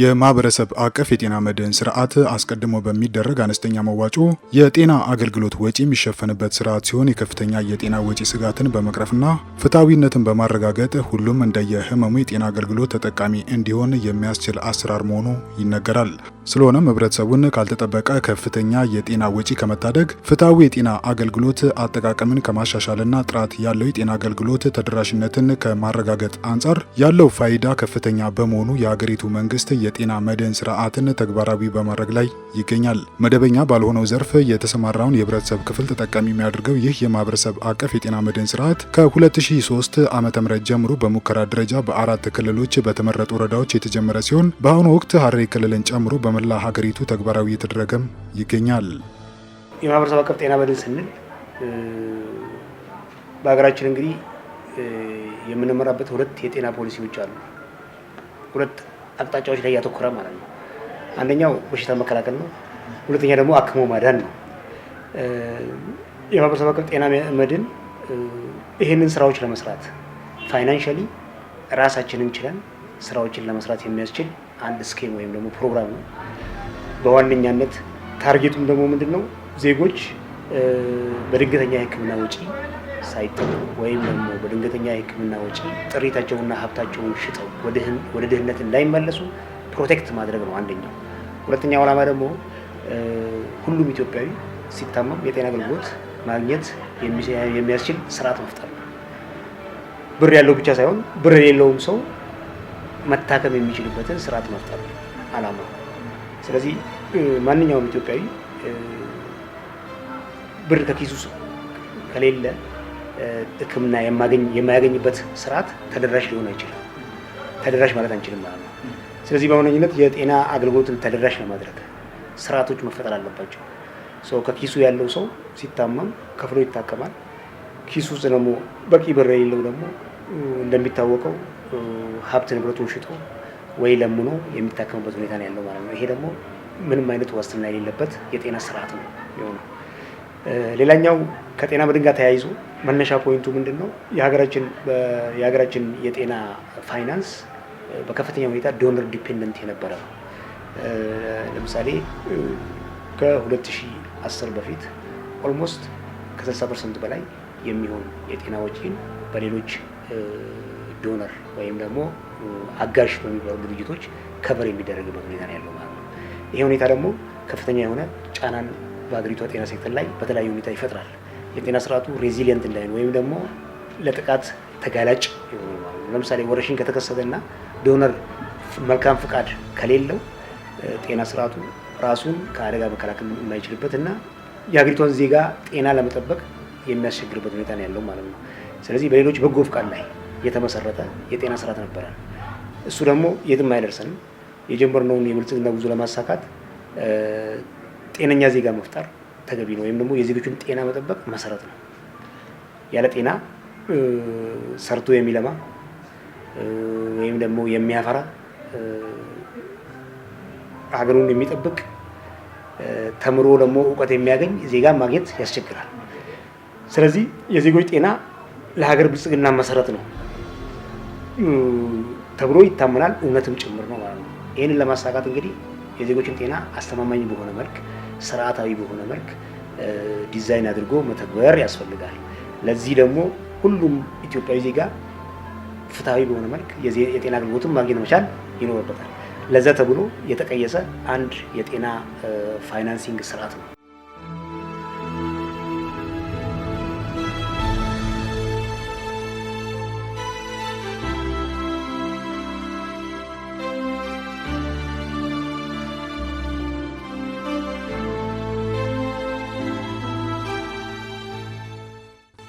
የማህበረሰብ አቀፍ የጤና መድህን ስርዓት አስቀድሞ በሚደረግ አነስተኛ መዋጮ የጤና አገልግሎት ወጪ የሚሸፈንበት ስርዓት ሲሆን የከፍተኛ የጤና ወጪ ስጋትን በመቅረፍና ፍትሐዊነትን በማረጋገጥ ሁሉም እንደየህመሙ የጤና አገልግሎት ተጠቃሚ እንዲሆን የሚያስችል አሰራር መሆኑ ይነገራል። ስለሆነም ህብረተሰቡን ካልተጠበቀ ከፍተኛ የጤና ወጪ ከመታደግ ፍትሐዊ የጤና አገልግሎት አጠቃቀምን ከማሻሻልና ጥራት ያለው የጤና አገልግሎት ተደራሽነትን ከማረጋገጥ አንጻር ያለው ፋይዳ ከፍተኛ በመሆኑ የሀገሪቱ መንግስት የጤና መድህን ስርዓትን ተግባራዊ በማድረግ ላይ ይገኛል። መደበኛ ባልሆነው ዘርፍ የተሰማራውን የህብረተሰብ ክፍል ተጠቃሚ የሚያደርገው ይህ የማህበረሰብ አቀፍ የጤና መድህን ስርዓት ከ2003 ዓ ም ጀምሮ በሙከራ ደረጃ በአራት ክልሎች በተመረጡ ወረዳዎች የተጀመረ ሲሆን በአሁኑ ወቅት ሀረሪ ክልልን ጨምሮ በመላ ሀገሪቱ ተግባራዊ እየተደረገም ይገኛል። የማህበረሰብ አቀፍ ጤና መድን ስንል በሀገራችን እንግዲህ የምንመራበት ሁለት የጤና ፖሊሲዎች አሉ። ሁለት አቅጣጫዎች ላይ እያተኮረ ማለት ነው። አንደኛው በሽታ መከላከል ነው። ሁለተኛ ደግሞ አክሞ ማዳን ነው። የማህበረሰብ አቀፍ ጤና መድን ይህንን ስራዎች ለመስራት ፋይናንሻሊ ራሳችንን ችለን ስራዎችን ለመስራት የሚያስችል አንድ ስኬም ወይም ደግሞ ፕሮግራም ነው። በዋነኛነት ታርጌቱም ደግሞ ምንድን ነው? ዜጎች በድንገተኛ የሕክምና ወጪ ሳይጠሩ ወይም ደግሞ በድንገተኛ የሕክምና ወጪ ጥሪታቸውና ሀብታቸውን ሽጠው ወደ ድህነት እንዳይመለሱ ፕሮቴክት ማድረግ ነው አንደኛው። ሁለተኛው ዓላማ ደግሞ ሁሉም ኢትዮጵያዊ ሲታመም የጤና አገልግሎት ማግኘት የሚያስችል ስርዓት መፍጠር ነው። ብር ያለው ብቻ ሳይሆን ብር የሌለውም ሰው መታከም የሚችሉበትን ስርዓት መፍጠር አላማ። ስለዚህ ማንኛውም ኢትዮጵያዊ ብር ከኪሱ ከሌለ ሕክምና የማያገኝበት ስርዓት ተደራሽ ሊሆን አይችልም። ተደራሽ ማለት አንችልም ማለት ነው። ስለዚህ በዋነኝነት የጤና አገልግሎትን ተደራሽ ለማድረግ ስርዓቶች መፈጠር አለባቸው። ሰው ከኪሱ ያለው ሰው ሲታመም ከፍሎ ይታከማል። ኪሱ ውስጥ ደግሞ በቂ ብር የሌለው ደግሞ እንደሚታወቀው ሀብት ንብረቱን ሽጦ ወይ ለምኖ የሚታከምበት ሁኔታ ነው ያለው ማለት ነው። ይሄ ደግሞ ምንም አይነት ዋስትና የሌለበት የጤና ስርዓት ነው የሆነው። ሌላኛው ከጤና መድን ጋር ተያይዞ መነሻ ፖይንቱ ምንድን ነው? የሀገራችን የጤና ፋይናንስ በከፍተኛ ሁኔታ ዶነር ዲፔንደንት የነበረ ነው። ለምሳሌ ከ2010 በፊት ኦልሞስት ከ60 ፐርሰንት በላይ የሚሆን የጤና ወጪን በሌሎች ዶነር ወይም ደግሞ አጋዥ በሚባሉ ድርጅቶች ከበር የሚደረግበት ሁኔታ ነው ያለው ማለት ነው። ይሄ ሁኔታ ደግሞ ከፍተኛ የሆነ ጫናን በአገሪቷ ጤና ሴክተር ላይ በተለያዩ ሁኔታ ይፈጥራል። የጤና ስርዓቱ ሬዚሊየንት እንዳይሆን ወይም ደግሞ ለጥቃት ተጋላጭ የሆኑ ማለት ነው። ለምሳሌ ወረሽኝ ከተከሰተና ዶነር መልካም ፍቃድ ከሌለው ጤና ስርዓቱ ራሱን ከአደጋ መከላከል የማይችልበት እና የአገሪቷን ዜጋ ጤና ለመጠበቅ የሚያስቸግርበት ሁኔታ ነው ያለው ማለት ነው። ስለዚህ በሌሎች በጎ ፍቃድ ላይ የተመሰረተ የጤና ስርዓት ነበረ። እሱ ደግሞ የትም አይደርሰንም። የጀመርነውን የብልጽግና ጉዞ ለማሳካት ጤነኛ ዜጋ መፍጠር ተገቢ ነው፣ ወይም ደግሞ የዜጎችን ጤና መጠበቅ መሰረት ነው። ያለ ጤና ሰርቶ የሚለማ ወይም ደግሞ የሚያፈራ ሀገሩን የሚጠብቅ ተምሮ ደግሞ እውቀት የሚያገኝ ዜጋ ማግኘት ያስቸግራል። ስለዚህ የዜጎች ጤና ለሀገር ብልጽግና መሰረት ነው። ተብሎ ይታመናል፣ እውነትም ጭምር ነው ማለት ነው። ይህንን ለማሳካት እንግዲህ የዜጎችን ጤና አስተማማኝ በሆነ መልክ፣ ስርዓታዊ በሆነ መልክ ዲዛይን አድርጎ መተግበር ያስፈልጋል። ለዚህ ደግሞ ሁሉም ኢትዮጵያዊ ዜጋ ፍትሐዊ በሆነ መልክ የጤና አገልግሎትን ማግኘት መቻል ይኖርበታል። ለዛ ተብሎ የተቀየሰ አንድ የጤና ፋይናንሲንግ ስርዓት ነው።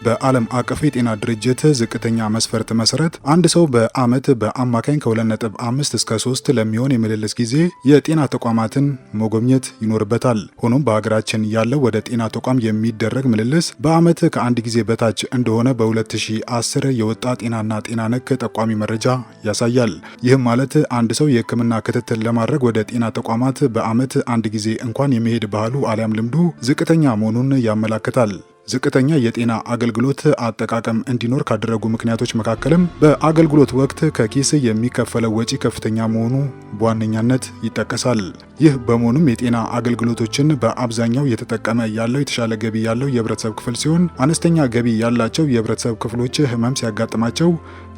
በዓለም አቀፍ የጤና ድርጅት ዝቅተኛ መስፈርት መሰረት አንድ ሰው በዓመት በአማካኝ ከ2.5 እስከ 3 ለሚሆን የምልልስ ጊዜ የጤና ተቋማትን መጎብኘት ይኖርበታል። ሆኖም በሀገራችን ያለው ወደ ጤና ተቋም የሚደረግ ምልልስ በዓመት ከአንድ ጊዜ በታች እንደሆነ በ2010 የወጣ ጤናና ጤና ነክ ጠቋሚ መረጃ ያሳያል። ይህም ማለት አንድ ሰው የሕክምና ክትትል ለማድረግ ወደ ጤና ተቋማት በዓመት አንድ ጊዜ እንኳን የመሄድ ባህሉ አሊያም ልምዱ ዝቅተኛ መሆኑን ያመላክታል። ዝቅተኛ የጤና አገልግሎት አጠቃቀም እንዲኖር ካደረጉ ምክንያቶች መካከልም በአገልግሎት ወቅት ከኪስ የሚከፈለው ወጪ ከፍተኛ መሆኑ በዋነኛነት ይጠቀሳል። ይህ በመሆኑም የጤና አገልግሎቶችን በአብዛኛው እየተጠቀመ ያለው የተሻለ ገቢ ያለው የህብረተሰብ ክፍል ሲሆን አነስተኛ ገቢ ያላቸው የህብረተሰብ ክፍሎች ህመም ሲያጋጥማቸው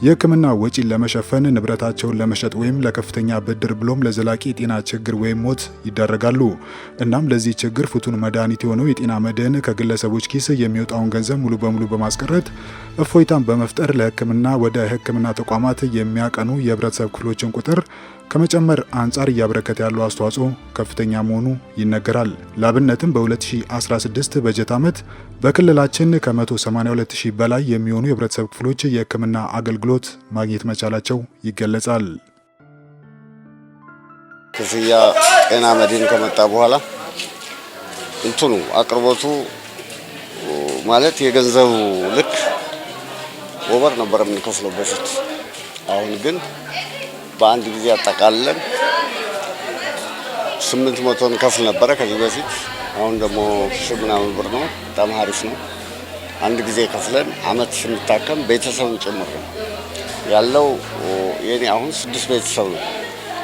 የሕክምና ወጪን ለመሸፈን ንብረታቸውን ለመሸጥ ወይም ለከፍተኛ ብድር ብሎም ለዘላቂ የጤና ችግር ወይም ሞት ይዳረጋሉ። እናም ለዚህ ችግር ፍቱን መድኃኒት የሆነው የጤና መድህን ከግለሰቦች ኪስ የሚወጣውን ገንዘብ ሙሉ በሙሉ በማስቀረት እፎይታን በመፍጠር ለሕክምና ወደ ሕክምና ተቋማት የሚያቀኑ የህብረተሰብ ክፍሎችን ቁጥር ከመጨመር አንጻር እያበረከተ ያለው አስተዋጽኦ ከፍተኛ መሆኑ ይነገራል። ላብነትም በ2016 በጀት ዓመት በክልላችን ከ182 ሺህ በላይ የሚሆኑ የህብረተሰብ ክፍሎች የህክምና አገልግሎት ማግኘት መቻላቸው ይገለጻል። ክፍያ ጤና መድን ከመጣ በኋላ እንትኑ አቅርቦቱ ማለት የገንዘቡ ልክ ወበር ነበር የምንከፍለው በፊት አሁን ግን በአንድ ጊዜ አጠቃለን ስምንት መቶን ከፍል ነበረ ከዚህ በፊት። አሁን ደግሞ ሺ ምናምን ብር ነው። በጣም አሪፍ ነው። አንድ ጊዜ ከፍለን አመት ስንታከም ቤተሰብን ጭምር ነው ያለው። የኔ አሁን ስድስት ቤተሰብ ነው።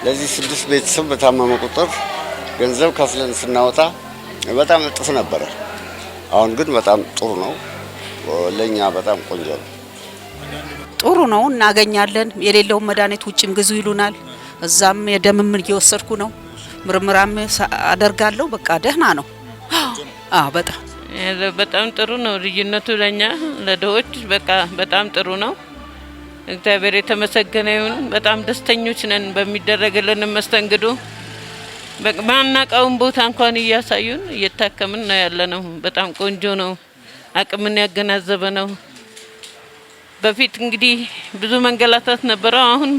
ለዚህ ስድስት ቤተሰብ በታመመ ቁጥር ገንዘብ ከፍለን ስናወጣ በጣም እጥፍ ነበረ። አሁን ግን በጣም ጥሩ ነው። ለእኛ በጣም ቆንጆ ነው። ጥሩ ነው፣ እናገኛለን። የሌለውን መድኃኒት ውጭም ግዙ ይሉናል። እዛም የደምም እየወሰድኩ ነው፣ ምርምራም አደርጋለሁ። በቃ ደህና ነው። አዎ በጣም በጣም ጥሩ ነው። ልዩነቱ ለእኛ ለድሆች በቃ በጣም ጥሩ ነው። እግዚአብሔር የተመሰገነ ይሁን። በጣም ደስተኞች ነን በሚደረግልን መስተንግዶ። ማናውቀውን ቦታ እንኳን እያሳዩን እየታከምን ነው ያለ ነው። በጣም ቆንጆ ነው። አቅምን ያገናዘበ ነው። በፊት እንግዲህ ብዙ መንገላታት ነበረው። አሁን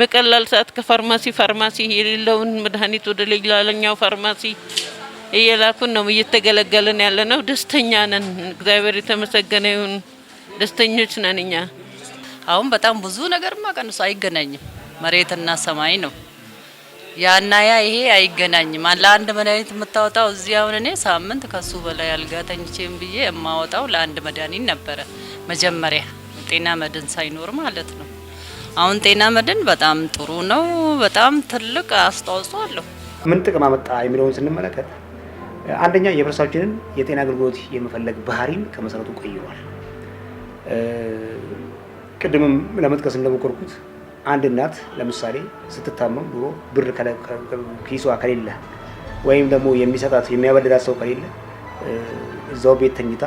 በቀላል ሰዓት ከፋርማሲ ፋርማሲ የሌለውን መድኃኒት ወደ ሌላኛው ፋርማሲ እየላኩን ነው እየተገለገልን ያለ ነው። ደስተኛ ነን። እግዚአብሔር የተመሰገነ ይሁን። ደስተኞች ነን እኛ። አሁን በጣም ብዙ ነገር ቀንሶ አይገናኝም። መሬትና ሰማይ ነው። ያና ያ ይሄ አይገናኝም። ለአንድ መድኃኒት የምታወጣው እዚህ አሁን እኔ ሳምንት ከሱ በላይ አልጋ ተኝቼም ብዬ የማወጣው ለአንድ መድኃኒት ነበረ መጀመሪያ ጤና መድን ሳይኖር ማለት ነው። አሁን ጤና መድን በጣም ጥሩ ነው። በጣም ትልቅ አስተዋጽኦ አለው። ምን ጥቅም አመጣ የሚለውን ስንመለከት አንደኛ የህብረተሰባችንን የጤና አገልግሎት የመፈለግ ባህሪን ከመሰረቱ ቀይሯል። ቅድምም ለመጥቀስ እንደሞከርኩት አንድ እናት ለምሳሌ ስትታመም ድሮ ብር ኪሷ ከሌለ ወይም ደግሞ የሚሰጣት የሚያበድራት ሰው ከሌለ እዛው ቤት ተኝታ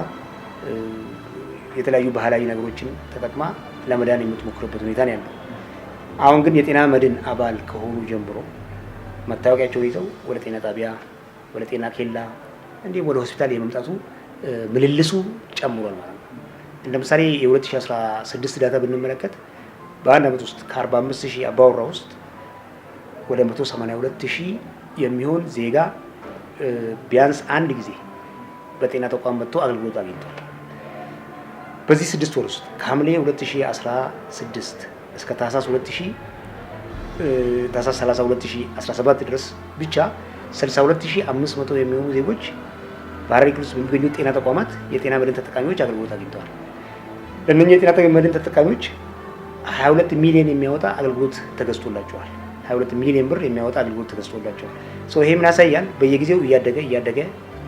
የተለያዩ ባህላዊ ነገሮችን ተጠቅማ ለመዳን የምትሞክርበት ሁኔታ ነው ያለው። አሁን ግን የጤና መድን አባል ከሆኑ ጀምሮ መታወቂያቸው ይዘው ወደ ጤና ጣቢያ፣ ወደ ጤና ኬላ እንዲሁም ወደ ሆስፒታል የመምጣቱ ምልልሱ ጨምሯል ማለት ነው። እንደ ምሳሌ የ2016 ዳታ ብንመለከት በአንድ ዓመት ውስጥ ከ45 ሺህ አባወራ ውስጥ ወደ 182 ሺህ የሚሆን ዜጋ ቢያንስ አንድ ጊዜ በጤና ተቋም መጥቶ አገልግሎት አግኝቷል። በዚህ ስድስት ወር ውስጥ ከሐምሌ 2016 እስከ ታህሳስ 2017 ድረስ ብቻ 62500 የሚሆኑ ዜጎች በሐረሪ ክልል ውስጥ በሚገኙ ጤና ተቋማት የጤና መድን ተጠቃሚዎች አገልግሎት አግኝተዋል። ለእነኛ የጤና መድን ተጠቃሚዎች 22 ሚሊዮን የሚያወጣ አገልግሎት ተገዝቶላቸዋል። 22 ሚሊዮን ብር የሚያወጣ አገልግሎት ተገዝቶላቸዋል። ይሄ ምን ያሳያል? በየጊዜው እያደገ እያደገ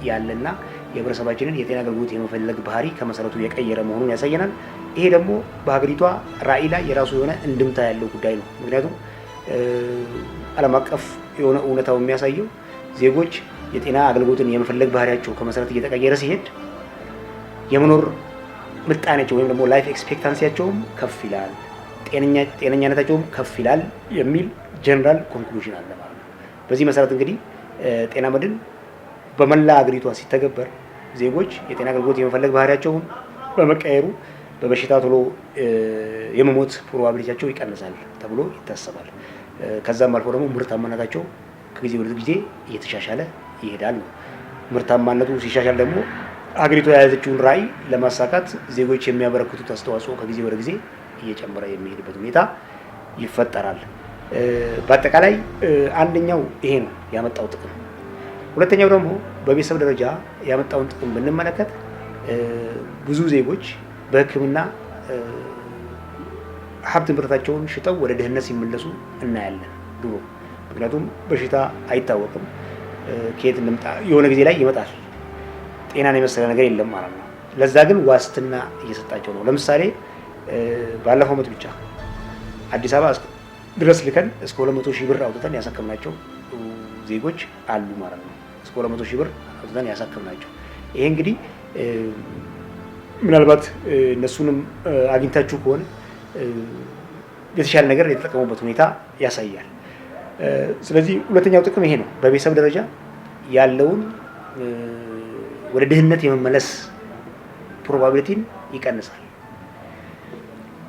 ያለና የህብረተሰባችንን የጤና አገልግሎት የመፈለግ ባህሪ ከመሰረቱ የቀየረ መሆኑን ያሳየናል። ይሄ ደግሞ በሀገሪቷ ራዕይ ላይ የራሱ የሆነ እንድምታ ያለው ጉዳይ ነው። ምክንያቱም ዓለም አቀፍ የሆነ እውነታው የሚያሳየው ዜጎች የጤና አገልግሎትን የመፈለግ ባህሪያቸው ከመሰረት እየተቀየረ ሲሄድ የመኖር ምጣኔያቸው ወይም ደግሞ ላይፍ ኤክስፔክታንሲያቸውም ከፍ ይላል። ጤነኛነታቸውም ከፍ ይላል የሚል ጀነራል ኮንክሉዥን አለ ማለት ነው። በዚህ መሰረት እንግዲህ ጤና መድን በመላ አገሪቷ ሲተገበር ዜጎች የጤና አገልግሎት የመፈለግ ባህሪያቸውን በመቀየሩ በበሽታ ቶሎ የመሞት ፕሮባብሊቲያቸው ይቀንሳል ተብሎ ይታሰባል። ከዛም አልፎ ደግሞ ምርታማነታቸው ከጊዜ ወደ ጊዜ እየተሻሻለ ይሄዳል ነው። ምርታማነቱ ሲሻሻል ደግሞ አገሪቷ የያዘችውን ራዕይ ለማሳካት ዜጎች የሚያበረክቱት አስተዋጽኦ ከጊዜ ወደ ጊዜ እየጨመረ የሚሄድበት ሁኔታ ይፈጠራል። በአጠቃላይ አንደኛው ይሄ ነው ያመጣው ጥቅም። ሁለተኛው ደግሞ በቤተሰብ ደረጃ ያመጣውን ጥቅም ብንመለከት ብዙ ዜጎች በሕክምና ሀብት ንብረታቸውን ሽጠው ወደ ድህነት ሲመለሱ እናያለን። ድሮ ምክንያቱም በሽታ አይታወቅም ከየት እንደምጣ የሆነ ጊዜ ላይ ይመጣል። ጤናን የመሰለ ነገር የለም ማለት ነው። ለዛ ግን ዋስትና እየሰጣቸው ነው። ለምሳሌ ባለፈው ዓመት ብቻ አዲስ አበባ ድረስ ልከን እስከ 200 ሺህ ብር አውጥተን ያሳከምናቸው ዜጎች አሉ ማለት ነው። እስከ 200 ሺህ ብር አውጥተን ያሳከምናቸው። ይሄ እንግዲህ ምናልባት እነሱንም አግኝታችሁ ከሆነ የተሻለ ነገር የተጠቀሙበት ሁኔታ ያሳያል። ስለዚህ ሁለተኛው ጥቅም ይሄ ነው። በቤተሰብ ደረጃ ያለውን ወደ ድህነት የመመለስ ፕሮባቢሊቲን ይቀንሳል።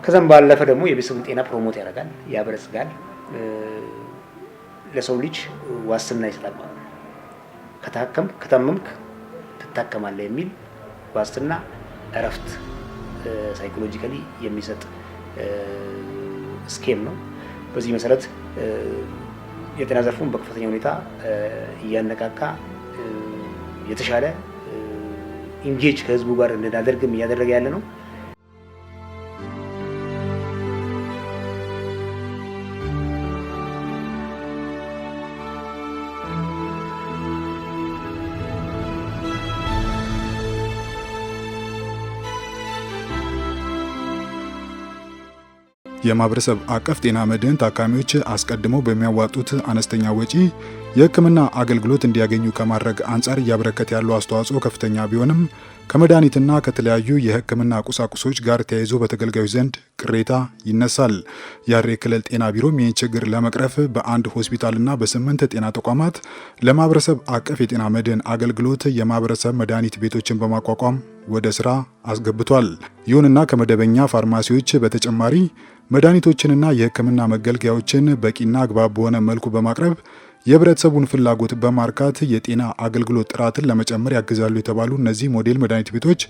ከዛም ባለፈ ደግሞ የቤተሰቡን ጤና ፕሮሞት ያደርጋል፣ ያበረጽጋል፣ ለሰው ልጅ ዋስትና ይስላል ማለት ነው። ከታከም ከታመምክ ትታከማለህ የሚል ዋስትና እረፍት ሳይኮሎጂካሊ የሚሰጥ ስኬም ነው። በዚህ መሰረት የጤና ዘርፉን በከፍተኛ ሁኔታ እያነቃቃ የተሻለ ኢንጌጅ ከህዝቡ ጋር እንድናደርግም እያደረገ ያለ ነው። የማህበረሰብ አቀፍ ጤና መድህን ታካሚዎች አስቀድመው በሚያዋጡት አነስተኛ ወጪ የሕክምና አገልግሎት እንዲያገኙ ከማድረግ አንጻር እያበረከተ ያለው አስተዋጽኦ ከፍተኛ ቢሆንም ከመድኃኒትና ከተለያዩ የሕክምና ቁሳቁሶች ጋር ተያይዞ በተገልጋዮች ዘንድ ቅሬታ ይነሳል። የሐረሪ ክልል ጤና ቢሮም ይህን ችግር ለመቅረፍ በአንድ ሆስፒታልና በስምንት ጤና ተቋማት ለማህበረሰብ አቀፍ የጤና መድህን አገልግሎት የማህበረሰብ መድኃኒት ቤቶችን በማቋቋም ወደ ስራ አስገብቷል። ይሁንና ከመደበኛ ፋርማሲዎች በተጨማሪ መድኃኒቶችንና የሕክምና መገልገያዎችን በቂና አግባብ በሆነ መልኩ በማቅረብ የህብረተሰቡን ፍላጎት በማርካት የጤና አገልግሎት ጥራትን ለመጨመር ያግዛሉ የተባሉ እነዚህ ሞዴል መድኃኒት ቤቶች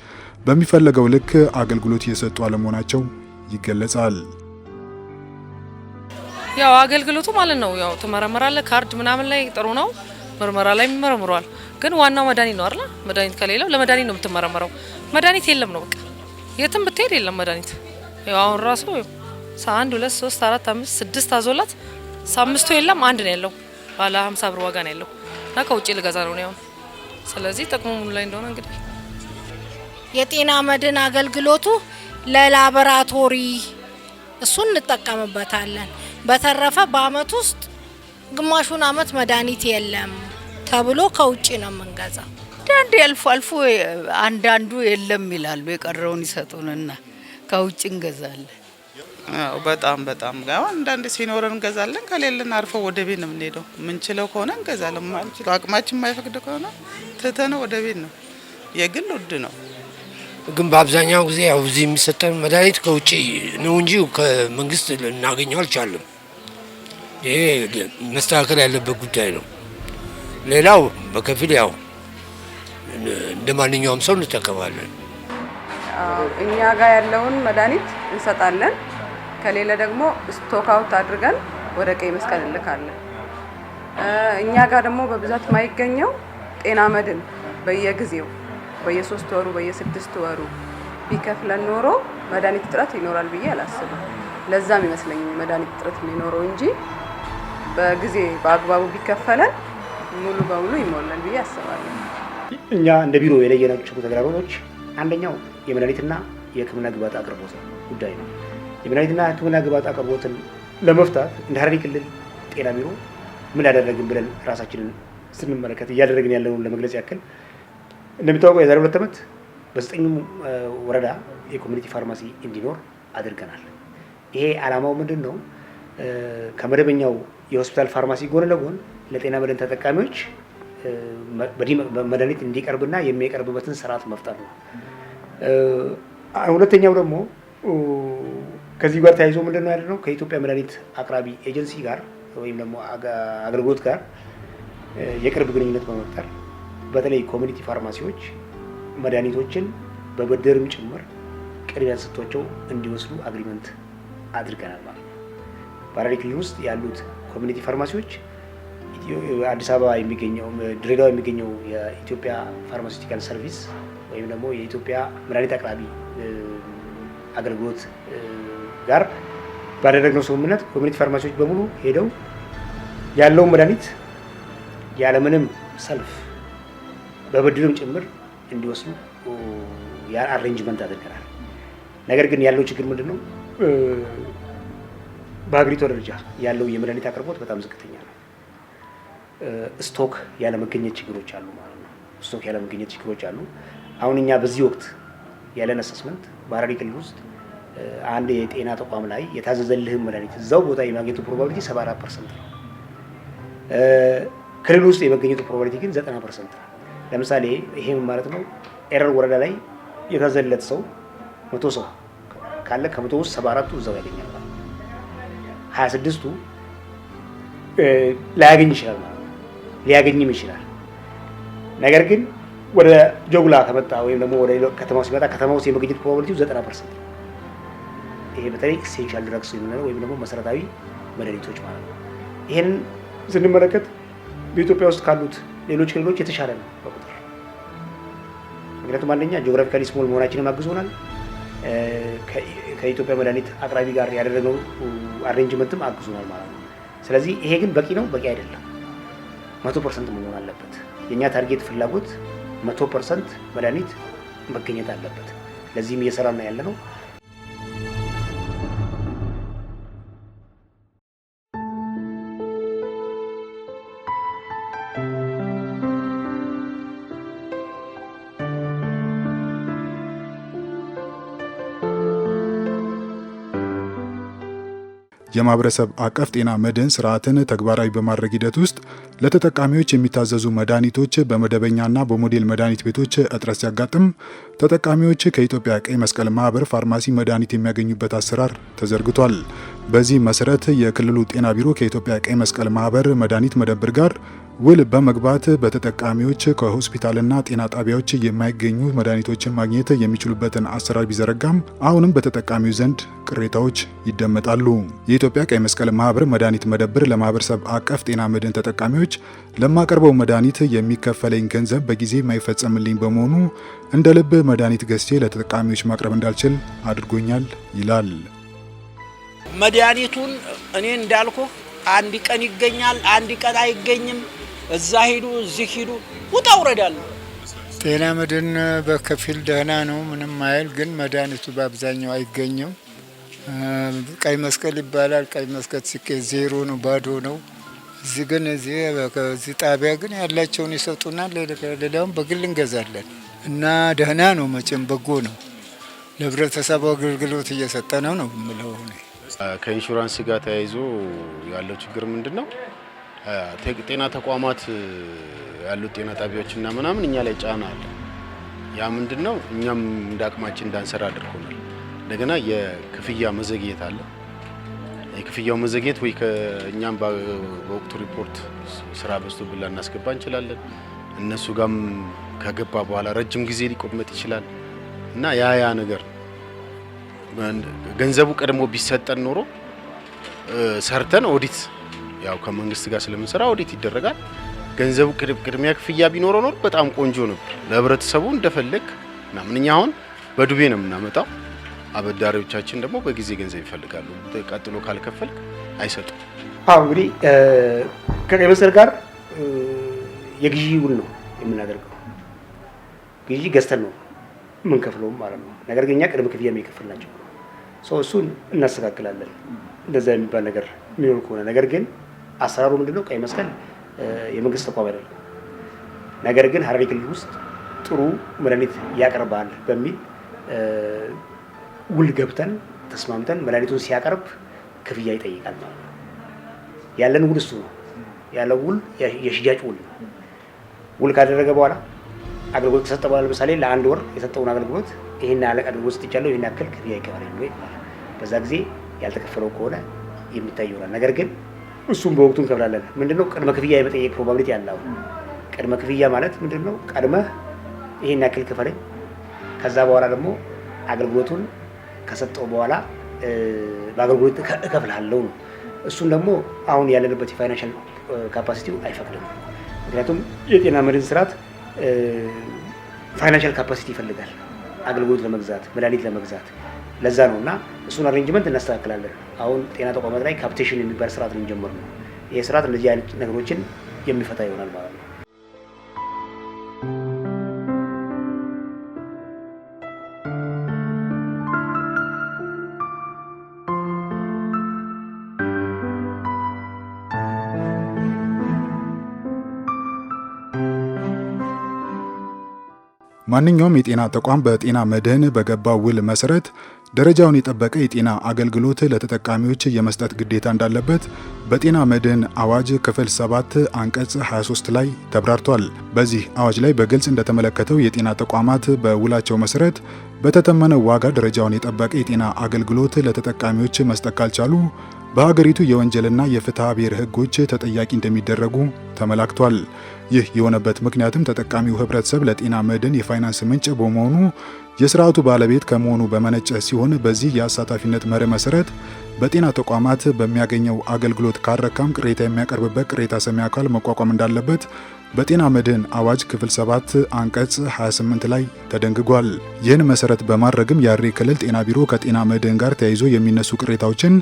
በሚፈለገው ልክ አገልግሎት እየሰጡ አለመሆናቸው ይገለጻል። ያው አገልግሎቱ ማለት ነው ያው ትመረመራለህ። ካርድ ምናምን ላይ ጥሩ ነው፣ ምርመራ ላይ ይመረምሯል። ግን ዋናው መድኃኒት ነው አይደል? መድኃኒት ከሌለው ለመድኃኒት ነው የምትመረመረው። መድኃኒት የለም ነው በቃ፣ የትም ብትሄድ የለም መድኃኒት። ያው አሁን ራሱ አንድ ሁለት ሶስት አራት አምስት ስድስት አዞላት አምስቱ የለም አንድ ነው ያለው። ባለ 50 ብር ዋጋ ነው ያለው እና ከውጭ ልገዛ ነው ያው። ስለዚህ ጥቅሙ ሙሉ ላይ እንደሆነ እንግዲህ የጤና መድን አገልግሎቱ ለላቦራቶሪ እሱን እንጠቀምበታለን። በተረፈ በአመት ውስጥ ግማሹን አመት መድኃኒት የለም ተብሎ ከውጭ ነው የምንገዛ። አንዳንድ አልፎ አልፎ አንዳንዱ የለም ይላሉ፣ የቀረውን ይሰጡንና ከውጭ እንገዛለን። በጣም በጣም አሁን አንዳንድ ሲኖረን እንገዛለን፣ ከሌለን አርፈው ወደ ቤት ነው የምንሄደው። የምንችለው ከሆነ እንገዛለን፣ ማንችለው አቅማችን የማይፈቅድ ከሆነ ትተነው ወደ ቤት ነው። የግል ውድ ነው፣ ግን በአብዛኛው ጊዜ ያው እዚህ የሚሰጠን መድኃኒት ከውጭ ነው እንጂ ከመንግስት ልናገኘው አልቻለም። ይሄ መስተካከል ያለበት ጉዳይ ነው። ሌላው በከፊል ያው እንደ ማንኛውም ሰው እንጠቀማለን። እኛ ጋር ያለውን መድኃኒት እንሰጣለን ከሌለ ደግሞ ስቶክ አውት አድርገን ወደ ቀይ መስቀል እንልካለን። እኛ ጋር ደግሞ በብዛት የማይገኘው ጤና መድን በየጊዜው በየሶስት ወሩ በየስድስት ወሩ ቢከፍለን ኖሮ መድኃኒት እጥረት ይኖራል ብዬ አላስብም። ለዛም ይመስለኝ መድኃኒት እጥረት የሚኖረው እንጂ በጊዜ በአግባቡ ቢከፈለን ሙሉ በሙሉ ይሞላል ብዬ አስባለሁ። እኛ እንደ ቢሮ የለየናቸው ተግዳሮቶች አንደኛው የመድኃኒትና የሕክምና ግብዓት አቅርቦት ጉዳይ ነው። የመድኃኒትና ሕክምና ግብዓት አቅርቦትን ለመፍታት እንደ ሐረሪ ክልል ጤና ቢሮ ምን ያደረግን ብለን ራሳችንን ስንመለከት እያደረግን ያለውን ለመግለጽ ያክል እንደሚታወቀው የዛሬ ሁለት ዓመት በዘጠኙም ወረዳ የኮሚኒቲ ፋርማሲ እንዲኖር አድርገናል። ይሄ ዓላማው ምንድን ነው? ከመደበኛው የሆስፒታል ፋርማሲ ጎን ለጎን ለጤና መድን ተጠቃሚዎች መድኃኒት እንዲቀርብና የሚቀርብበትን ስርዓት መፍጠር ነው። ሁለተኛው ደግሞ ከዚህ ጋር ተያይዞ ምንድን ነው ያደረገው? ከኢትዮጵያ መድኃኒት አቅራቢ ኤጀንሲ ጋር ወይም ደግሞ አገልግሎት ጋር የቅርብ ግንኙነት በመፍጠር በተለይ ኮሚኒቲ ፋርማሲዎች መድኃኒቶችን በብድርም ጭምር ቅድሚያ ተሰጥቷቸው እንዲወስዱ አግሪመንት አድርገናል ማለት ነው። በሐረሪ ክልል ውስጥ ያሉት ኮሚኒቲ ፋርማሲዎች አዲስ አበባ የሚገኘው ድሬዳዋ የሚገኘው የኢትዮጵያ ፋርማሲውቲካል ሰርቪስ ወይም ደግሞ የኢትዮጵያ መድኃኒት አቅራቢ አገልግሎት ጋር ባደረግነው ስምምነት ኮሚኒቲ ፋርማሲዎች በሙሉ ሄደው ያለውን መድኃኒት ያለምንም ሰልፍ በብድርም ጭምር እንዲወስዱ አሬንጅመንት አድርገናል። ነገር ግን ያለው ችግር ምንድን ነው? በሀገሪቷ ደረጃ ያለው የመድኃኒት አቅርቦት በጣም ዝቅተኛ ነው። ስቶክ ያለመገኘት ችግሮች አሉ ማለት ነው። ስቶክ ያለመገኘት ችግሮች አሉ። አሁን እኛ በዚህ ወቅት ያለን አሰስመንት በሀረሪ ክልል ውስጥ አንድ የጤና ተቋም ላይ የታዘዘልህን መድኃኒት እዛው ቦታ የማግኘቱ ፕሮባቢሊቲ 74 ፐርሰንት ነው። ክልል ውስጥ የመገኘቱ ፕሮባቢሊቲ ግን 90 ፐርሰንት ነው። ለምሳሌ ይሄ ማለት ነው ኤረር ወረዳ ላይ የታዘዘለት ሰው መቶ ሰው ካለ ከመቶ ውስጥ 74 እዛው ያገኛል። 26ቱ ላያገኝ ይችላል ማለት ነው። ሊያገኝም ይችላል ነገር ግን ወደ ጆጉላ ከመጣ ወይም ደግሞ ወደ ከተማ ሲመጣ ከተማ ውስጥ የመገኘት ፕሮባቢሊቲው 90 ፐርሰንት ነው። ይሄ በተለይ ኤሴንሻል ድረግስ የምንለው ወይም ደግሞ መሰረታዊ መድኃኒቶች ማለት ነው። ይህን ስንመለከት በኢትዮጵያ ውስጥ ካሉት ሌሎች ክልሎች የተሻለ ነው በቁጥር ምክንያቱም አንደኛ ጂኦግራፊካሊ ስሞል መሆናችንም አግዞናል። ከኢትዮጵያ መድኃኒት አቅራቢ ጋር ያደረገው አሬንጅመንትም አግዞናል ማለት ነው። ስለዚህ ይሄ ግን በቂ ነው፣ በቂ አይደለም። መቶ ፐርሰንት መሆን አለበት። የእኛ ታርጌት ፍላጎት መቶ ፐርሰንት መድኃኒት መገኘት አለበት። ለዚህም እየሰራና ያለ ነው። የማህበረሰብ አቀፍ ጤና መድን ስርዓትን ተግባራዊ በማድረግ ሂደት ውስጥ ለተጠቃሚዎች የሚታዘዙ መድኃኒቶች በመደበኛና በሞዴል መድኃኒት ቤቶች እጥረት ሲያጋጥም ተጠቃሚዎች ከኢትዮጵያ ቀይ መስቀል ማህበር ፋርማሲ መድኃኒት የሚያገኙበት አሰራር ተዘርግቷል። በዚህ መሰረት የክልሉ ጤና ቢሮ ከኢትዮጵያ ቀይ መስቀል ማህበር መድኃኒት መደብር ጋር ውል በመግባት በተጠቃሚዎች ከሆስፒታልና ጤና ጣቢያዎች የማይገኙ መድኃኒቶችን ማግኘት የሚችሉበትን አሰራር ቢዘረጋም አሁንም በተጠቃሚው ዘንድ ቅሬታዎች ይደመጣሉ። የኢትዮጵያ ቀይ መስቀል ማህበር መድኃኒት መደብር ለማህበረሰብ አቀፍ ጤና መድን ተጠቃሚዎች ለማቀርበው መድኃኒት የሚከፈለኝ ገንዘብ በጊዜ የማይፈጸምልኝ በመሆኑ እንደ ልብ መድኃኒት ገዝቼ ለተጠቃሚዎች ማቅረብ እንዳልችል አድርጎኛል ይላል። መድኃኒቱን እኔ እንዳልኩ አንድ ቀን ይገኛል፣ አንድ ቀን አይገኝም እዛ ሂዱ፣ እዚህ ሂዱ፣ ውጣ አለ። ጤና መድን በከፊል ደህና ነው፣ ምንም አይል። ግን መድኃኒቱ በአብዛኛው አይገኝም ቀይ መስቀል ይባላል። ቀይ መስቀል ሲቄ ዜሮ ነው፣ ባዶ ነው። እዚህ ግን እዚህ ጣቢያ ግን ያላቸውን ይሰጡናል። ሌላውን በግል እንገዛለን እና ደህና ነው መቼም በጎ ነው። ለህብረተሰቡ አገልግሎት እየሰጠ ነው ነው የምለው። ከኢንሹራንስ ጋር ተያይዞ ያለው ችግር ምንድን ነው? ጤና ተቋማት ያሉት ጤና ጣቢያዎች እና ምናምን እኛ ላይ ጫና አለ። ያ ምንድን ነው? እኛም እንደ አቅማችን እንዳንሰራ አድርጎናል። እንደገና የክፍያ መዘግየት አለ። የክፍያው መዘግየት ወይ ከእኛም በወቅቱ ሪፖርት ስራ ብላ እናስገባ እንችላለን። እነሱ ጋም ከገባ በኋላ ረጅም ጊዜ ሊቆመጥ ይችላል እና ያ ያ ነገር ገንዘቡ ቀድሞ ቢሰጠን ኖሮ ሰርተን ኦዲት ያው ከመንግስት ጋር ስለምንሰራ ኦዲት ይደረጋል። ገንዘቡ ቅድሚያ ክፍያ ቢኖረው ኖር በጣም ቆንጆ ነበር ለህብረተሰቡ እንደፈለግ እና ምንኛ አሁን በዱቤ ነው የምናመጣው። አበዳሪዎቻችን ደግሞ በጊዜ ገንዘብ ይፈልጋሉ። ቀጥሎ ካልከፈልክ አይሰጡም። አሁ እንግዲህ ከቀይ መስቀል ጋር የግዢ ውል ነው የምናደርገው። ግዢ ገዝተን ነው የምንከፍለውም ማለት ነው። ነገር ግን እኛ ቅድመ ክፍያ የሚከፍል ናቸው። እሱን እናስተካክላለን። እንደዛ የሚባል ነገር የሚኖር ከሆነ ነገር ግን አሰራሩ ምንድነው? ቀይ መስቀል የመንግስት ተቋም አይደለም። ነገር ግን ሀረሪ ክልል ውስጥ ጥሩ መድኃኒት ያቀርባል በሚል ውል ገብተን ተስማምተን መድኃኒቱን ሲያቀርብ ክፍያ ይጠይቃል ማለት ነው። ያለን ውል እሱ ነው ያለው ውል የሽያጭ ውል ነው። ውል ካደረገ በኋላ አገልግሎት ከሰጠ በኋላ ለምሳሌ ለአንድ ወር የሰጠውን አገልግሎት ይህን ያለ አገልግሎት ስጥቻለሁ ይህን ያክል ክፍያ ይቀበላል በዛ ጊዜ ያልተከፈለው ከሆነ የሚታይ ይሆናል ነገር ግን እሱም በወቅቱ እንከፍላለን። ምንድነው ቅድመ ክፍያ የመጠየቅ ፕሮባብሊቲ ያለው። ቅድመ ክፍያ ማለት ምንድነው? ቀድመህ ይሄን ያክል ክፈለኝ፣ ከዛ በኋላ ደግሞ አገልግሎቱን ከሰጠው በኋላ በአገልግሎት እከፍልሃለሁ ነው። እሱን ደግሞ አሁን ያለንበት የፋይናንሻል ካፓሲቲው አይፈቅድም። ምክንያቱም የጤና መድን ስርዓት ፋይናንሻል ካፓሲቲ ይፈልጋል። አገልግሎት ለመግዛት መድኃኒት ለመግዛት ለዛ ነው እና እሱን አሬንጅመንት እናስተካክላለን። አሁን ጤና ተቋማት ላይ ካፕቴሽን የሚባል ስርዓት ልንጀምር ነው። ይህ ስርዓት እንደዚህ አይነት ነገሮችን የሚፈታ ይሆናል ማለት ነው። ማንኛውም የጤና ተቋም በጤና መድህን በገባ ውል መሰረት ደረጃውን የጠበቀ የጤና አገልግሎት ለተጠቃሚዎች የመስጠት ግዴታ እንዳለበት በጤና መድን አዋጅ ክፍል 7 አንቀጽ 23 ላይ ተብራርቷል። በዚህ አዋጅ ላይ በግልጽ እንደተመለከተው የጤና ተቋማት በውላቸው መሰረት በተተመነ ዋጋ ደረጃውን የጠበቀ የጤና አገልግሎት ለተጠቃሚዎች መስጠት ካልቻሉ በሀገሪቱ የወንጀልና የፍትሐ ብሔር ሕጎች ተጠያቂ እንደሚደረጉ ተመላክቷል። ይህ የሆነበት ምክንያትም ተጠቃሚው ህብረተሰብ ለጤና መድን የፋይናንስ ምንጭ በመሆኑ የስርዓቱ ባለቤት ከመሆኑ በመነጨ ሲሆን በዚህ የአሳታፊነት መርህ መሰረት በጤና ተቋማት በሚያገኘው አገልግሎት ካረካም ቅሬታ የሚያቀርብበት ቅሬታ ሰሚ አካል መቋቋም እንዳለበት በጤና መድህን አዋጅ ክፍል 7 አንቀጽ 28 ላይ ተደንግጓል። ይህን መሰረት በማድረግም የሐረሪ ክልል ጤና ቢሮ ከጤና መድህን ጋር ተያይዞ የሚነሱ ቅሬታዎችን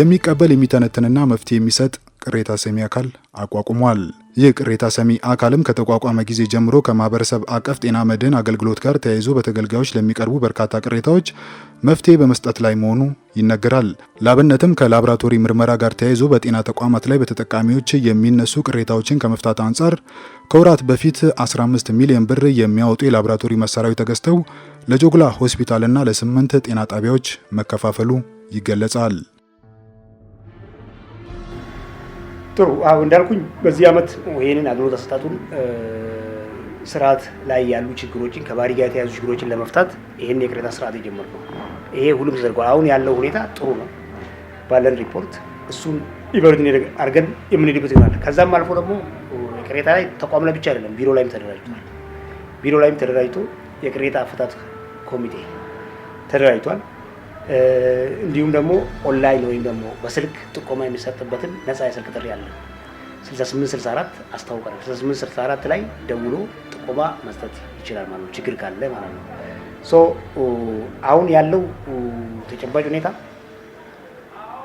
የሚቀበል የሚተነትንና መፍትሄ የሚሰጥ ቅሬታ ሰሚ አካል አቋቁሟል። ይህ ቅሬታ ሰሚ አካልም ከተቋቋመ ጊዜ ጀምሮ ከማህበረሰብ አቀፍ ጤና መድን አገልግሎት ጋር ተያይዞ በተገልጋዮች ለሚቀርቡ በርካታ ቅሬታዎች መፍትሄ በመስጠት ላይ መሆኑ ይነገራል። ላብነትም ከላብራቶሪ ምርመራ ጋር ተያይዞ በጤና ተቋማት ላይ በተጠቃሚዎች የሚነሱ ቅሬታዎችን ከመፍታት አንጻር ከወራት በፊት 15 ሚሊዮን ብር የሚያወጡ የላብራቶሪ መሳሪያዎች ተገዝተው ለጆግላ ሆስፒታልና ለስምንት ጤና ጣቢያዎች መከፋፈሉ ይገለጻል። ጥሩ አሁን እንዳልኩኝ በዚህ ዓመት ይህንን አገልግሎት አሰጣጡን ስርዓት ላይ ያሉ ችግሮችን ከባህሪ ጋር የተያዙ ችግሮችን ለመፍታት ይህን የቅሬታ ስርዓት የጀመርነው ይሄ ሁሉም ተዘርጓል። አሁን ያለው ሁኔታ ጥሩ ነው ባለን ሪፖርት እሱን ኢቨሉት አድርገን የምንሄድበት ይሆናል። ከዛም አልፎ ደግሞ የቅሬታ ላይ ተቋም ላይ ብቻ አይደለም ቢሮ ላይም ተደራጅቷል። ቢሮ ላይም ተደራጅቶ የቅሬታ አፈታት ኮሚቴ ተደራጅቷል። እንዲሁም ደግሞ ኦንላይን ወይም ደግሞ በስልክ ጥቆማ የሚሰጥበትን ነፃ የስልክ ጥሪ አለ 6864 አስታውቀናል። 6864 ላይ ደውሎ ጥቆማ መስጠት ይችላል ማለት ነው፣ ችግር ካለ ማለት ነው። ሶ አሁን ያለው ተጨባጭ ሁኔታ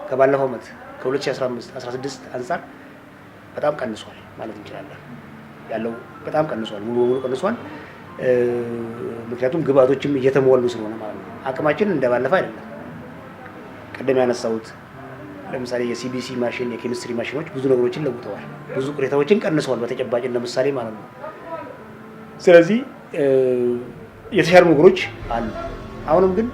ከባለፈው ዓመት ከ 16 አንጻር በጣም ቀንሷል ማለት እንችላለን። ያለው በጣም ቀንሷል፣ ሙሉ በሙሉ ቀንሷል። ምክንያቱም ግብአቶችም እየተሟሉ ስለሆነ ማለት ነው። አቅማችን እንደባለፈ አይደለም። ቅድም ያነሳሁት ለምሳሌ የሲቢሲ ማሽን፣ የኬሚስትሪ ማሽኖች ብዙ ነገሮችን ለውጠዋል፣ ብዙ ቅሬታዎችን ቀንሰዋል። በተጨባጭ ለምሳሌ ማለት ነው። ስለዚህ የተሻሉ ነገሮች አሉ። አሁንም ግን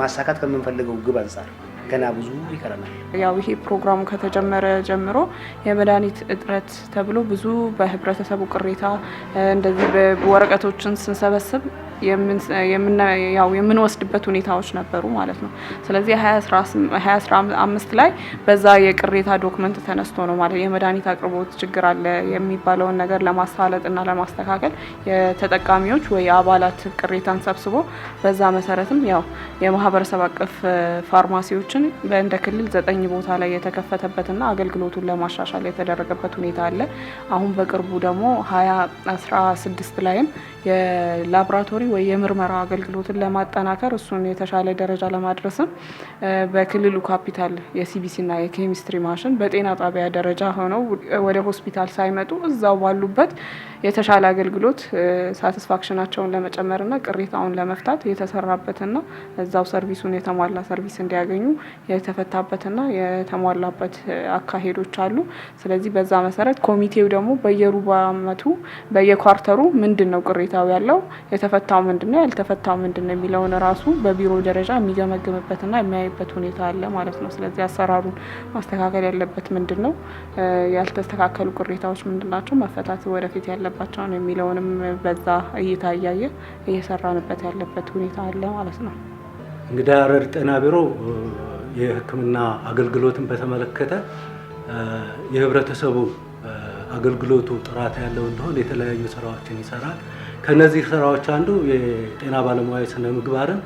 ማሳካት ከምንፈልገው ግብ አንጻር ገና ብዙ ይቀረናል። ያው ይሄ ፕሮግራሙ ከተጀመረ ጀምሮ የመድኃኒት እጥረት ተብሎ ብዙ በህብረተሰቡ ቅሬታ እንደዚህ ወረቀቶችን ስንሰበስብ የምንወስድበት ሁኔታዎች ነበሩ ማለት ነው። ስለዚህ 21አምስት ላይ በዛ የቅሬታ ዶክመንት ተነስቶ ነው ማለት የመድኃኒት አቅርቦት ችግር አለ የሚባለውን ነገር ለማሳለጥና ለማስተካከል የተጠቃሚዎች ወይ አባላት ቅሬታን ሰብስቦ በዛ መሰረትም ያው የማህበረሰብ አቀፍ ፋርማሲዎችን እንደ ክልል ዘጠኝ ቦታ ላይ የተከፈተበትና አገልግሎቱን ለማሻሻል የተደረገበት ሁኔታ አለ። አሁን በቅርቡ ደግሞ 21ስድስት ላይም የላቦራቶሪ ወይ የምርመራ አገልግሎትን ለማጠናከር እሱን የተሻለ ደረጃ ለማድረስም በክልሉ ካፒታል የሲቢሲና የኬሚስትሪ ማሽን በጤና ጣቢያ ደረጃ ሆነው ወደ ሆስፒታል ሳይመጡ እዛው ባሉበት የተሻለ አገልግሎት ሳቲስፋክሽናቸውን ለመጨመርና ቅሬታውን ለመፍታት የተሰራበትና እዛው ሰርቪሱን የተሟላ ሰርቪስ እንዲያገኙ የተፈታበትና የተሟላበት አካሄዶች አሉ። ስለዚህ በዛ መሰረት ኮሚቴው ደግሞ በየሩብ ዓመቱ በየኳርተሩ ምንድን ነው ቅሬታው ያለው የተፈታ የተፈታው ምንድን ነው ያልተፈታው ምንድን ነው የሚለውን ራሱ በቢሮ ደረጃ የሚገመግምበትና የሚያይበት ሁኔታ አለ ማለት ነው። ስለዚህ አሰራሩን ማስተካከል ያለበት ምንድን ነው፣ ያልተስተካከሉ ቅሬታዎች ምንድን ናቸው፣ መፈታት ወደፊት ነው የሚለውንም በዛ እይታ እያየ እየሰራንበት ያለበት ሁኔታ አለ ማለት ነው። እንግዲህ ሐረር ጤና ቢሮ የሕክምና አገልግሎትን በተመለከተ የህብረተሰቡ አገልግሎቱ ጥራት ያለው እንደሆን የተለያዩ ስራዎችን ይሰራል። ከነዚህ ስራዎች አንዱ የጤና ባለሙያ ስነ ምግባርን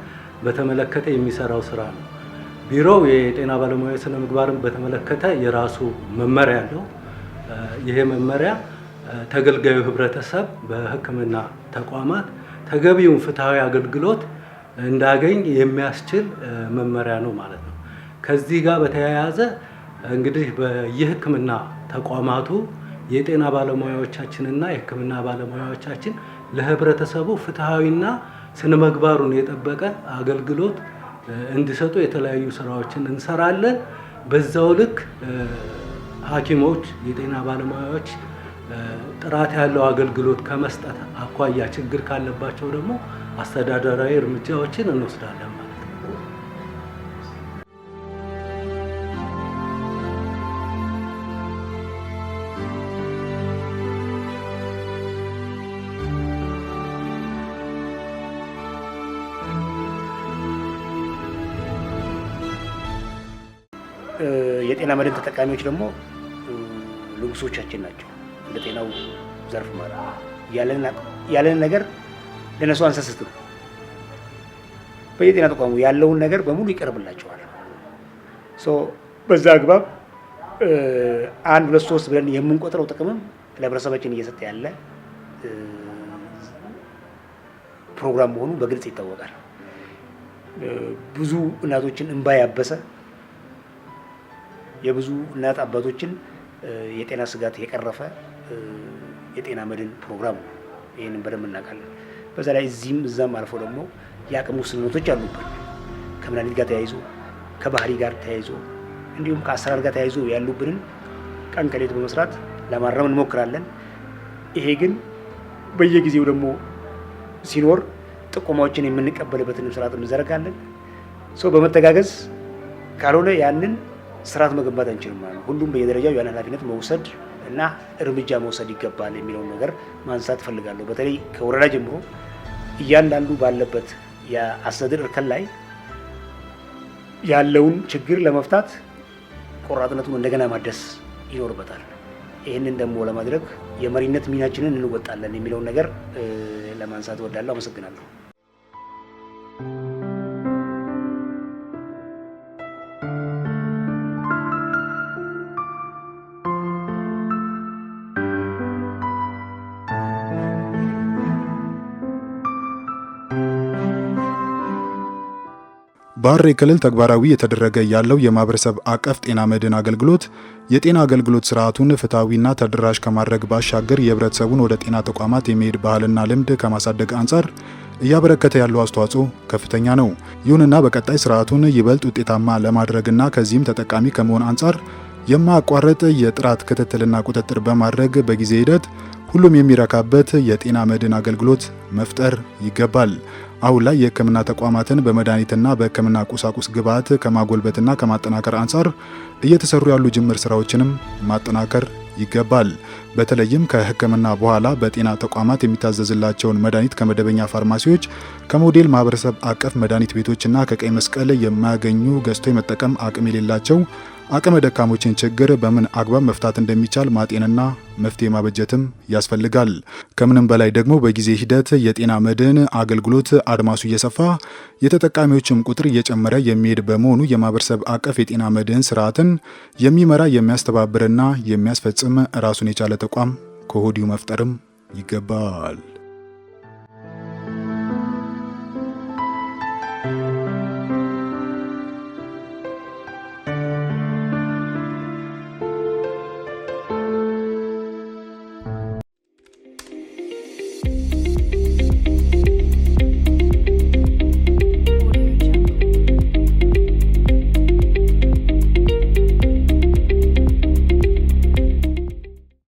በተመለከተ የሚሰራው ስራ ነው። ቢሮው የጤና ባለሙያ ስነ ምግባርን በተመለከተ የራሱ መመሪያ አለው። ይሄ መመሪያ ተገልጋዩ ህብረተሰብ በሕክምና ተቋማት ተገቢውን ፍትሐዊ አገልግሎት እንዳገኝ የሚያስችል መመሪያ ነው ማለት ነው። ከዚህ ጋር በተያያዘ እንግዲህ የህክምና ተቋማቱ የጤና ባለሙያዎቻችንና የሕክምና ባለሙያዎቻችን ለህብረተሰቡ ፍትሐዊና ስነ ምግባሩን የጠበቀ አገልግሎት እንዲሰጡ የተለያዩ ስራዎችን እንሰራለን። በዛው ልክ ሐኪሞች፣ የጤና ባለሙያዎች ጥራት ያለው አገልግሎት ከመስጠት አኳያ ችግር ካለባቸው ደግሞ አስተዳደራዊ እርምጃዎችን እንወስዳለን። የጤና መድን ተጠቃሚዎች ደግሞ ንጉሶቻችን ናቸው። ጤናው ዘርፍ ማለት ያለን ነገር ለነሱ ነው። በየጤና ተቋሙ ያለውን ነገር በሙሉ ይቀርብላቸዋል። በዛ አግባብ አንድ ሁለት ሶስት ብለን የምንቆጥረው ጥቅምም ለህብረተሰባችን እየሰጠ ያለ ፕሮግራም መሆኑ በግልጽ ይታወቃል። ብዙ እናቶችን እንባ ያበሰ የብዙ እናት አባቶችን የጤና ስጋት የቀረፈ የጤና መድን ፕሮግራም ነው። ይህንን በደንብ እናውቃለን። በዛ ላይ እዚህም እዛም አልፎ ደግሞ የአቅም ውስንነቶች አሉበት። ከመድኃኒት ጋር ተያይዞ፣ ከባህሪ ጋር ተያይዞ እንዲሁም ከአሰራር ጋር ተያይዞ ያሉብንን ቀን ከሌት በመስራት ለማረም እንሞክራለን። ይሄ ግን በየጊዜው ደግሞ ሲኖር ጥቆማዎችን የምንቀበልበትን ስርዓት እንዘረጋለን። ሰው በመተጋገዝ ካልሆነ ያንን ስርዓት መገንባት አንችልም ማለት ነው። ሁሉም በየደረጃው ያን ኃላፊነት መውሰድ እና እርምጃ መውሰድ ይገባል የሚለውን ነገር ማንሳት እፈልጋለሁ። በተለይ ከወረዳ ጀምሮ እያንዳንዱ ባለበት የአስተዳደር እርከን ላይ ያለውን ችግር ለመፍታት ቆራጥነቱን እንደገና ማደስ ይኖርበታል። ይህንን ደግሞ ለማድረግ የመሪነት ሚናችንን እንወጣለን የሚለውን ነገር ለማንሳት እወዳለሁ። አመሰግናለሁ። በሐረሪ ክልል ተግባራዊ የተደረገ ያለው የማህበረሰብ አቀፍ ጤና መድን አገልግሎት የጤና አገልግሎት ስርዓቱን ፍትሐዊና ተደራሽ ከማድረግ ባሻገር የህብረተሰቡን ወደ ጤና ተቋማት የመሄድ ባህልና ልምድ ከማሳደግ አንጻር እያበረከተ ያለው አስተዋጽኦ ከፍተኛ ነው። ይሁንና በቀጣይ ስርዓቱን ይበልጥ ውጤታማ ለማድረግና ከዚህም ተጠቃሚ ከመሆን አንጻር የማያቋረጥ የጥራት ክትትልና ቁጥጥር በማድረግ በጊዜ ሂደት ሁሉም የሚረካበት የጤና መድን አገልግሎት መፍጠር ይገባል። አሁን ላይ የህክምና ተቋማትን በመድኃኒትና በህክምና ቁሳቁስ ግብዓት ከማጎልበትና ከማጠናከር አንጻር እየተሰሩ ያሉ ጅምር ስራዎችንም ማጠናከር ይገባል። በተለይም ከሕክምና በኋላ በጤና ተቋማት የሚታዘዝላቸውን መድኃኒት ከመደበኛ ፋርማሲዎች፣ ከሞዴል ማህበረሰብ አቀፍ መድኃኒት ቤቶችና ከቀይ መስቀል የማያገኙ ገዝቶ የመጠቀም አቅም የሌላቸው አቅመ ደካሞችን ችግር በምን አግባብ መፍታት እንደሚቻል ማጤንና መፍትሄ ማበጀትም ያስፈልጋል። ከምንም በላይ ደግሞ በጊዜ ሂደት የጤና መድህን አገልግሎት አድማሱ እየሰፋ የተጠቃሚዎችም ቁጥር እየጨመረ የሚሄድ በመሆኑ የማህበረሰብ አቀፍ የጤና መድህን ስርዓትን የሚመራ የሚያስተባብርና የሚያስፈጽም ራሱን የቻለ ተቋም ከሆዲው መፍጠርም ይገባል።